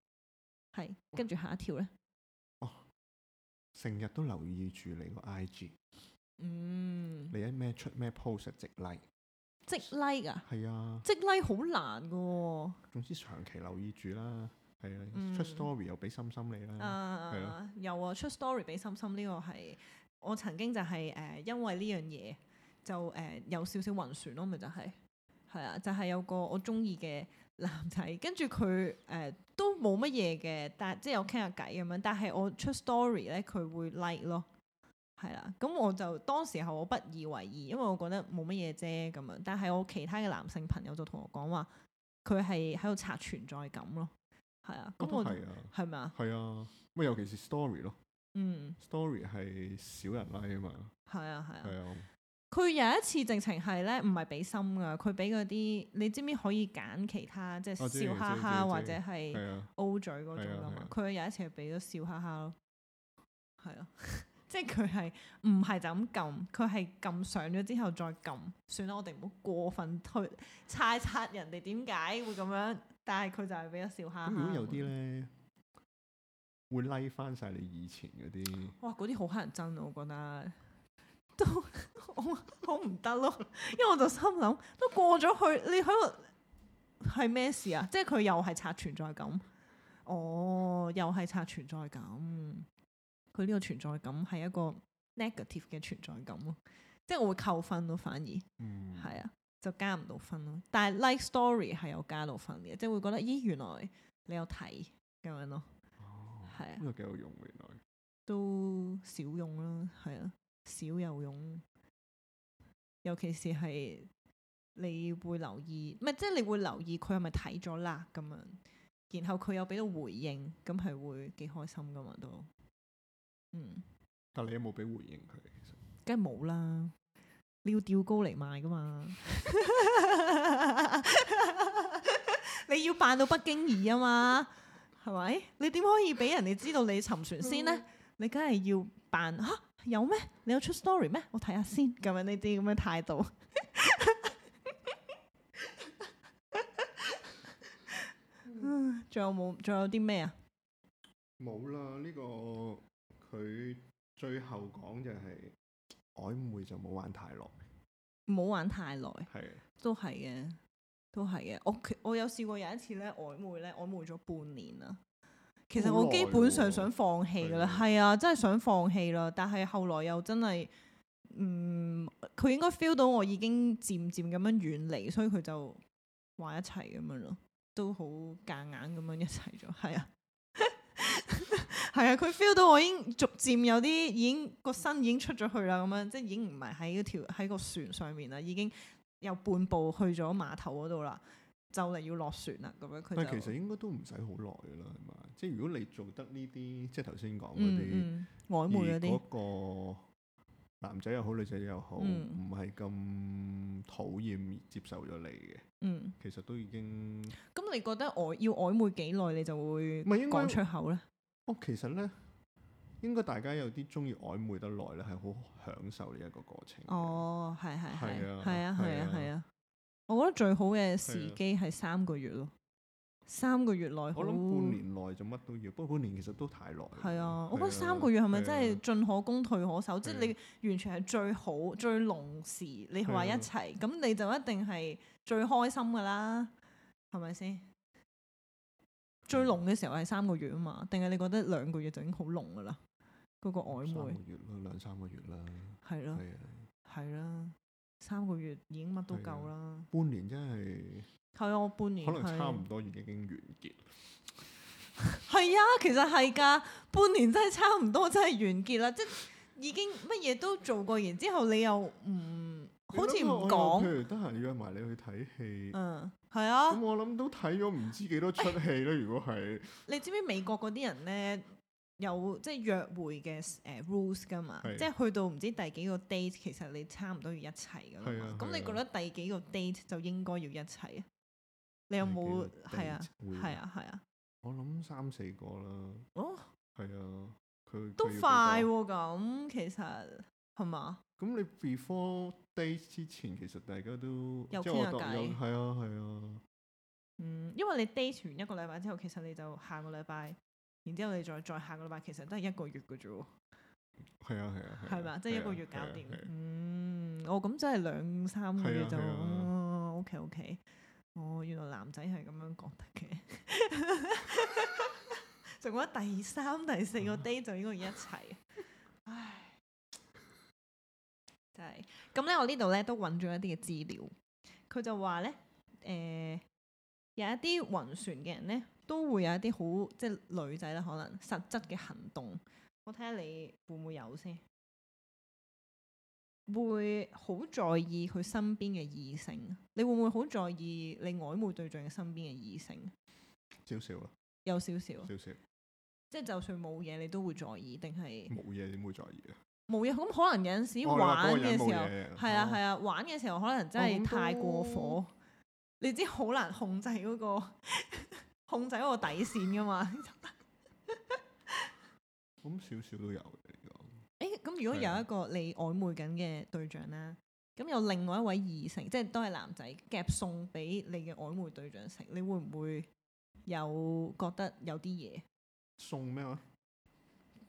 係。跟住下一條咧，哦，成日都留意住你個 IG，嗯，你喺咩出咩 post 直 like，即 like 啊？係啊，即 like 好難嘅喎、啊。總之長期留意住啦，係啊，出 story 又俾心心你啦，係啊，又啊，出 story 俾心心呢個係我曾經就係、是、誒、呃、因為呢樣嘢。就誒、呃、有少少暈船咯，咪就係係啊，就係有個我中意嘅男仔，跟住佢誒都冇乜嘢嘅，但即係有傾下偈咁樣。但係我出 story 咧，佢會 like 咯，係啦、啊。咁我就當時候我不以為意，因為我覺得冇乜嘢啫咁樣。但係我其他嘅男性朋友就同我講話，佢係喺度刷存在感咯，係啊。咁我係咪啊？係嗎啊，咪尤其是 story 咯，嗯，story 係少人 like 啊嘛，係啊，係啊。佢有一次直情係咧，唔係俾心噶，佢俾嗰啲你知唔知可以揀其他，即係笑哈哈或者係 O 嘴嗰種噶嘛？佢、哦啊、有一次係俾咗笑哈哈咯，係咯，啊、 即係佢係唔係就咁撳，佢係撳上咗之後再撳。算啦，我哋唔好過分去猜測人哋點解會咁樣，但係佢就係俾咗笑哈哈。如果有啲咧，會 like 返晒你以前嗰啲。哇，嗰啲好乞人憎啊！我覺得。都好我唔得咯，因為我就心諗都過咗去，去，你喺度係咩事啊？即係佢又係刷存在感，哦，又係刷存在感。佢呢個存在感係一個 negative 嘅存在感咯，即係我會扣分咯、啊，反而，嗯，係啊，就加唔到分咯、啊。但係 like story 係有加到分嘅，即係會覺得咦，原來你有睇咁樣咯，哦，係呢都幾好用原來，都少用啦，係啊。少游泳，尤其是係你會留意，唔係即係你會留意佢係咪睇咗啦咁樣？然後佢又俾到回應，咁係會幾開心噶嘛都。嗯，但你有冇俾回應佢？梗係冇啦，你要吊高嚟賣噶嘛？ 你要扮到不經意啊嘛？係咪？ 你點可以俾人哋知道你沉船先呢？ 你梗係要扮吓、啊？有咩？你有出 story 咩？我睇下先，咁樣呢啲咁嘅態度。仲 有冇？仲有啲咩啊？冇啦，呢、呢個佢最後講就係曖昧就冇玩太耐，冇玩太耐，係的都係嘅，都係嘅。我我有試過有一次咧曖昧咧曖昧咗半年啊。其實我基本上想放棄噶啦，係啊是的，真係想放棄啦。但係後來又真係，嗯，佢應該 feel 到我已經漸漸咁樣遠離，所以佢就話一齊咁樣咯，都好夾硬咁樣一齊咗。係啊，係 啊，佢 feel 到我已經逐漸有啲已經個身已經出咗去啦，咁樣即係已經唔係喺嗰條喺個船上面啦，已經有半步去咗碼頭嗰度啦。就嚟要落船啦，咁樣佢哋。但其實應該都唔使好耐啦，係嘛？即係如果你做得呢啲，即係頭先講嗰啲曖昧嗰啲，嗰個男仔又好，女仔又好，唔係咁討厭接受咗你嘅，嗯，其實都已經。咁你覺得曖要曖昧幾耐，你就會唔係應該講出口咧？哦，其實咧，應該大家有啲中意曖昧得耐咧，係好享受呢一個過程。哦，係係係啊，係啊，係啊。我覺得最好嘅時機係三個月咯，三個月內。我諗半年內就乜都要，不過半年其實都太耐。係啊，啊我覺得三個月係咪真係進可攻退可守？啊、即係你完全係最好最濃時，你話一齊咁、啊、你就一定係最開心噶啦，係咪先？啊、最濃嘅時候係三個月啊嘛，定係你覺得兩個月就已經好濃噶啦？嗰、嗰個曖昧。兩個月咯，兩三個月啦。係咯。係啊。啦、啊。三個月已經乜都夠啦，半年真係，係啊，我半年可能差唔多已經完結的，係啊，其實係噶，半年真係差唔多真係完結啦， 即係已經乜嘢都做過，然之後你又唔好似唔講，譬如得閒、嗯、約埋你去睇戲，嗯，係啊，咁我諗都睇咗唔知幾多出戲啦，欸、如果係，你知唔知美國嗰啲人咧？有即係約會嘅誒、呃、rules 噶嘛，啊、即係去到唔知第幾個 date，其實你差唔多要一齊噶啦。咁、啊啊、你覺得第幾個 date 就應該要一齊啊？你有冇係啊？係啊係啊？啊啊我諗三四個啦。哦，係啊，佢都快咁、啊，其實係嘛？咁你 before date 之前，其實大家都有係我哋係啊係啊。啊啊嗯，因為你 date 完一個禮拜之後，其實你就下個禮拜。然之後你再再下個禮拜其實都係一個月嘅啫喎。係啊，係啊，係嘛、啊，即係吧、啊、一個月搞掂。啊啊啊、嗯，哦，咁真係兩三個月就、啊啊哦、OK，OK、okay, okay。哦，原來男仔係咁樣覺得嘅。就覺得第三、第四個 day 就應該要一齊。嗯、 唉，真、就、係、是。咁咧，我呢度咧都揾咗一啲嘅資料。佢就話咧，誒、呃、有一啲暈船嘅人咧。都會有一啲好即係女仔啦，可能實質嘅行動，我睇下你會唔會有先，會好在意佢身邊嘅異性，你會唔會好在意你曖昧對象嘅身邊嘅異性？少少啦，有少少少少，即係就算冇嘢，你都會在意定係冇嘢點會在意啊？冇嘢，咁可能有陣時、哦、玩嘅時候，係啊係啊，啊啊玩嘅時候可能真係太過火，你知好難控制嗰、嗰個。 控制一個底線噶嘛？咁少少都有嚟講。誒、這個欸，咁如果有一個你曖昧緊嘅對象啦，咁是的 有另外一位異性，即係都係男仔夾餸俾你嘅曖昧對象食，你會唔會有覺得有啲嘢？送咩話？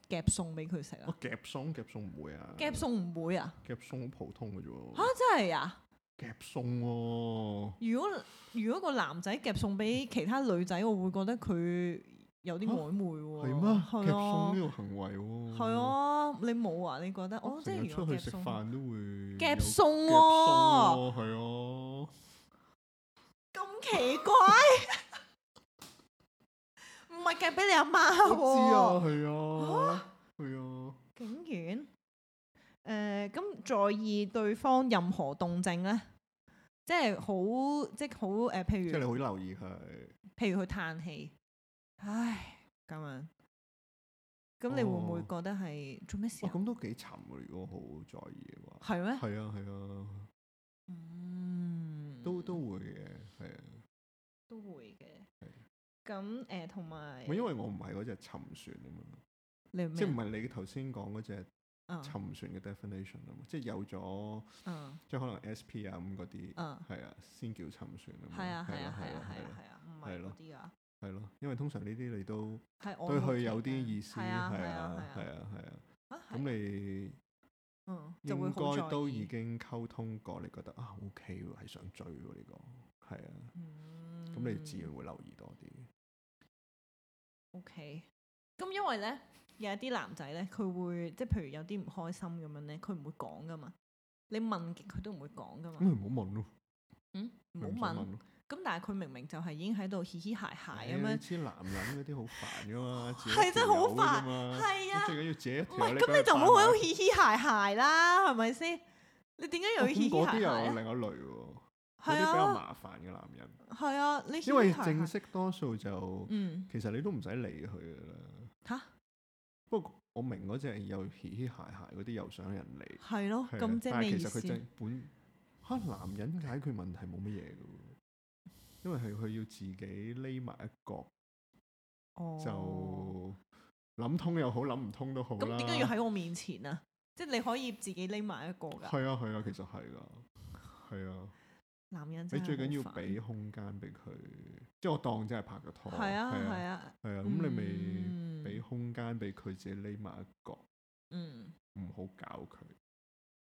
夾餸俾佢食啊？夾餸夾餸唔會啊？夾餸唔會啊？夾餸好普通嘅啫喎。嚇！真係啊？夾餸喎，如果如果個男仔夾餸俾其他女仔，我會覺得佢有啲曖昧喎。係咩？夾餸呢個行為喎？係啊，你冇啊？你覺得？哦，即係如果出去食飯都會夾餸喎。係啊，咁奇怪，唔係夾俾你阿媽喎。知啊，係啊，係啊。竟然。誒咁、呃、在意對方任何動靜咧，即係好即係好誒，譬如即係你好留意佢，譬如佢嘆氣，唉咁樣，咁你會唔會覺得係、哦、做咩事啊？咁、哦、都幾沉喎！如果好在意嘅話，係咩嗎？係啊係啊，啊啊嗯，都都會嘅，係啊，都會嘅，咁誒同埋，因為我唔係嗰隻沉船咁樣，你即係唔係你頭先講嗰隻。沉船嘅 definition 啊，即係有咗，即係可能 SP 啊咁嗰啲，係啊，先叫沉船啊嘛。係啊，係啊，係啊，係啊，係啊，唔係嗰啲啊。係咯，因為通常呢啲你都對佢有啲意思，係啊，係啊，係啊，係啊，咁你，嗯，就應該都已經溝通過，你覺得啊 OK 喎，係想追喎呢個，係啊，咁你自然會留意多啲。OK，咁因為咧。有一啲男仔咧，佢會即係譬如有啲唔開心咁樣咧，佢唔會講噶嘛。你問極佢都唔會講噶嘛。唔好問咯。嗯。唔好問。咁但係佢明明就係已經喺度嘻嘻 hài hài 咁樣。黐男人嗰啲好煩噶嘛。係真係好煩。係啊。最緊要自己。唔係，咁你就唔好喺度嘻嘻 hài hài 啦，係咪先？你點解又要嘻嘻 hài hài？咁嗰啲又另一類喎。係啊。比較麻煩嘅男人。係啊，你。因為正式多數就，嗯，其實你都唔使理佢噶啦。不過我明嗰隻有嘻嘻鞋鞋嗰啲又想人嚟，係咯。咁即係咩意思？但係其實佢就本嚇、啊、男人解決問題冇乜嘢嘅喎，因為係佢要自己匿埋一角，哦、就諗通又好，諗唔通都好啦。咁點解要喺我面前啊？ 即係你可以自己匿埋一個㗎。係啊係啊，其實係㗎，係啊。男人，你最緊要俾空間俾佢，即係我當真係拍個拖，係啊係啊，係啊，咁你咪俾空間俾佢自己匿埋一角，嗯，唔好搞佢，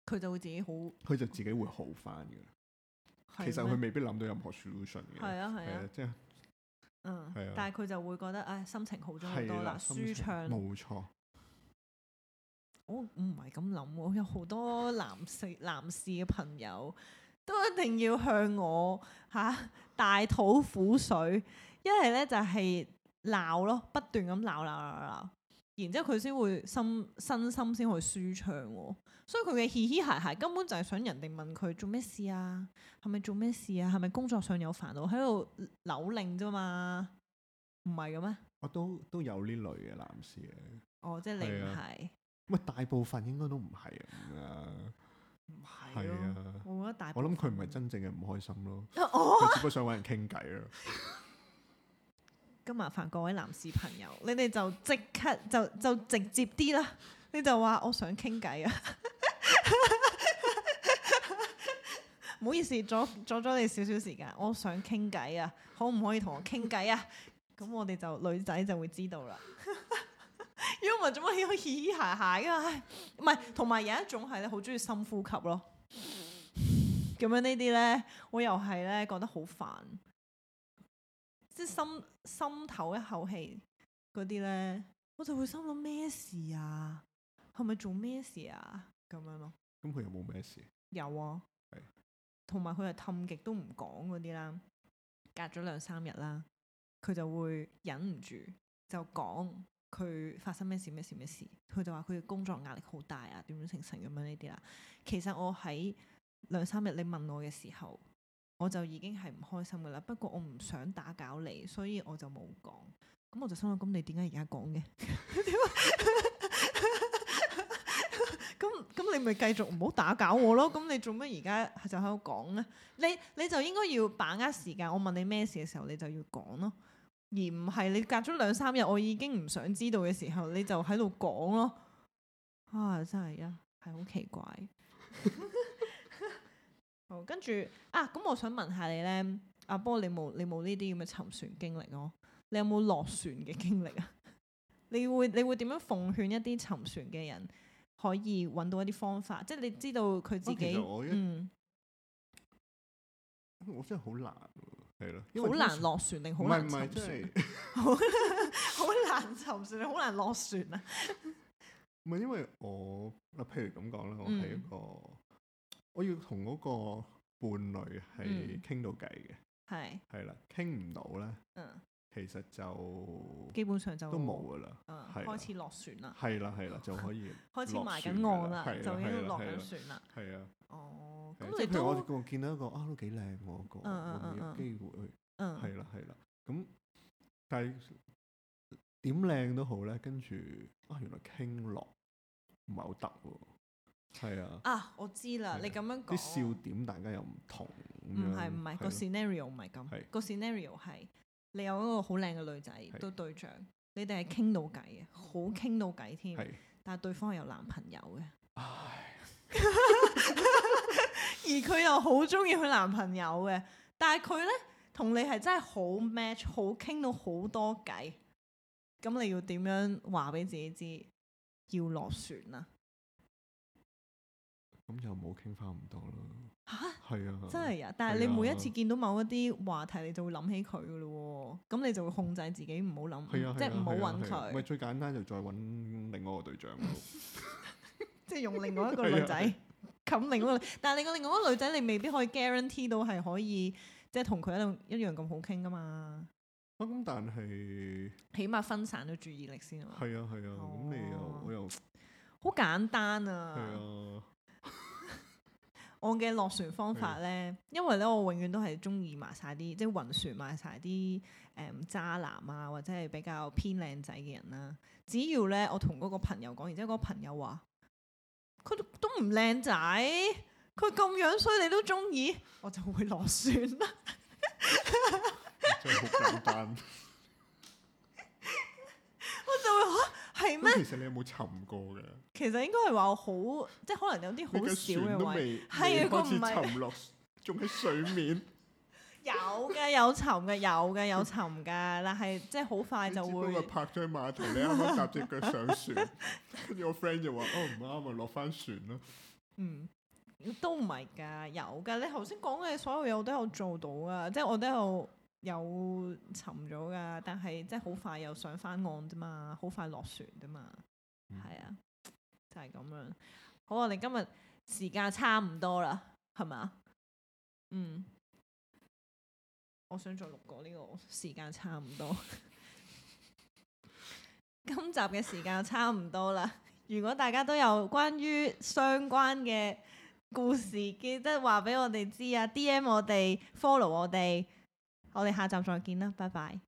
佢就會自己好，佢就自己會好翻嘅，其實佢未必諗到任何 solution 嘅，係啊係啊，即係，嗯，係啊，但係佢就會覺得，唉，心情好咗好多啦，舒暢，冇錯，我唔係咁諗，我有好多男士男士嘅朋友。都一定要向我嚇大吐苦水，一係咧就係鬧咯，不斷咁鬧鬧鬧鬧，然之後佢先會心身心先去舒暢。哦，所以佢嘅嘻嘻哈哈根本就係想人哋問佢做咩事啊？係咪做咩事啊，係咪工作上有煩惱喺度扭擰啫嘛？唔係嘅咩？我都都有呢類嘅男士嘅，哦，即係你唔係、啊？唔係大部分應該都唔係啊。係啊，我諗佢唔係真正嘅唔開心咯，佢只不過想搵人傾偈啊。咁麻煩各位男士朋友，你哋就即刻就就直接啲啦，你就話我想傾偈啊。唔好意思，阻阻咗你少少時間，我想傾偈啊，可唔可以同我傾偈啊？咁我哋就女仔就會知道啦。如果唔係做乜嘢可以嘻嘻鞋鞋啊？唔係，同埋有一種係咧，好中意深呼吸咯。咁樣這呢啲咧，我又係咧覺得好煩，即深深唞一口氣嗰啲咧，我就會心諗咩事啊？係咪做咩事啊？咁樣咯。咁佢有冇咩事？有啊。係。同埋佢係氹極都唔講嗰啲啦，隔咗兩三日啦，佢就會忍唔住就講佢發生咩事咩事咩事，佢就話佢嘅工作壓力好大啊，點樣成成咁樣呢啲啦。其實我喺兩三日你問我嘅時候，我就已經係唔開心噶啦。不過我唔想打攪你，所以我就冇講。咁我就心諗，咁你點解而家講嘅？咁 咁你咪繼續唔好 打攪我咯。咁你做咩而家就喺度講呢？你你就應該要把握時間。我問你咩事嘅時候，你就要講咯，而唔係你隔咗兩三日，我已經唔想知道嘅時候，你就喺度講咯。啊，真係啊，係好奇怪。 好，跟住啊，咁我想問下你咧，阿波，你冇你冇呢啲咁嘅沉船經歷咯？你有冇落船嘅經歷啊？ 你會你會點樣奉勸一啲沉船嘅人可以揾到一啲方法？嗯、即係你知道佢自己嗯，我真係好難係、啊、咯，好難落船定好難沉船，好、就是、 難沉船，好難落船啊！唔 係因為我嗱，譬如咁講啦，我係一個。嗯我要同嗰個伴侶係傾到偈嘅，係係啦，傾唔到咧，其實就基本上就都冇噶啦，嗯，開始落船啦，係啦係啦，就可以開始埋緊岸啦，就已經落緊船啦，係啊，哦，咁你都我見到一個啊都幾靚喎嗰個，嗯嗯機會，係啦係啦，咁但係點靚都好咧，跟住啊原來傾落唔係好得喎。係啊！啊，我知啦，啊、你咁樣講笑點，大家又唔同。唔係唔係個 scenario 唔係咁，啊、個 scenario 係你有一個好靚嘅女仔做、啊、對象，你哋係傾到偈嘅，好傾到偈添。啊、但係對方係有男朋友嘅，唉 而佢又好中意佢男朋友嘅。但係佢咧同你係真係好 match，好傾到好多偈。咁你要點樣話俾自己知要落船啊？咁就冇傾翻唔多咯。吓，係啊，真係啊！但係你每一次見到某一啲話題，你就會諗起佢噶咯。咁你就會控制自己唔好諗，即係唔好搵佢。唔係最簡單就再搵另外一個對象，即係用另外一個女仔冚另外一個。但係你個另外一個女仔，你未必可以 guarantee 到係可以即係同佢一一樣咁好傾噶嘛。咁但係起碼分散咗注意力先啊。係啊係啊，咁你又我又好簡單啊。我嘅落船方法呢，因為呢，我永遠都係中意埋晒啲即係暈船埋晒啲誒渣男啊，或者係比較偏靚仔嘅人啦。只要呢，我同嗰個朋友講，然之後嗰個朋友話佢都唔靚仔，佢咁樣衰你都中意，我就會落船啦。真係好簡單，我就會嚇。係咩？其實你有冇沉過㗎？其實應該係話好，即係可能有啲好少嘅位，係啊，佢唔係沉落，仲喺、那個、水面。 有嘅，有沉嘅，有嘅，有沉嘅， 但係即係好快就會拍張碼頭，你啱啱搭以踏隻腳上船？跟住 我 friend 就話：哦，唔啱咪落翻船囉。嗯，都唔係㗎，有㗎。你頭先講嘅所有嘢，我都有做到㗎，即係我都有。有沉咗噶，但係即係好快又上翻岸啫嘛，好快落船啫嘛，係、嗯、啊，就係、是、咁樣。好，我哋今日時間差唔多啦，係咪？嗯，我想再錄個呢個時間差唔多。 今集嘅時間差唔多啦。如果大家都有關於相關嘅故事，記得話俾我哋知啊。DM 我哋 ，follow 我哋。我哋下集再見啦，拜拜。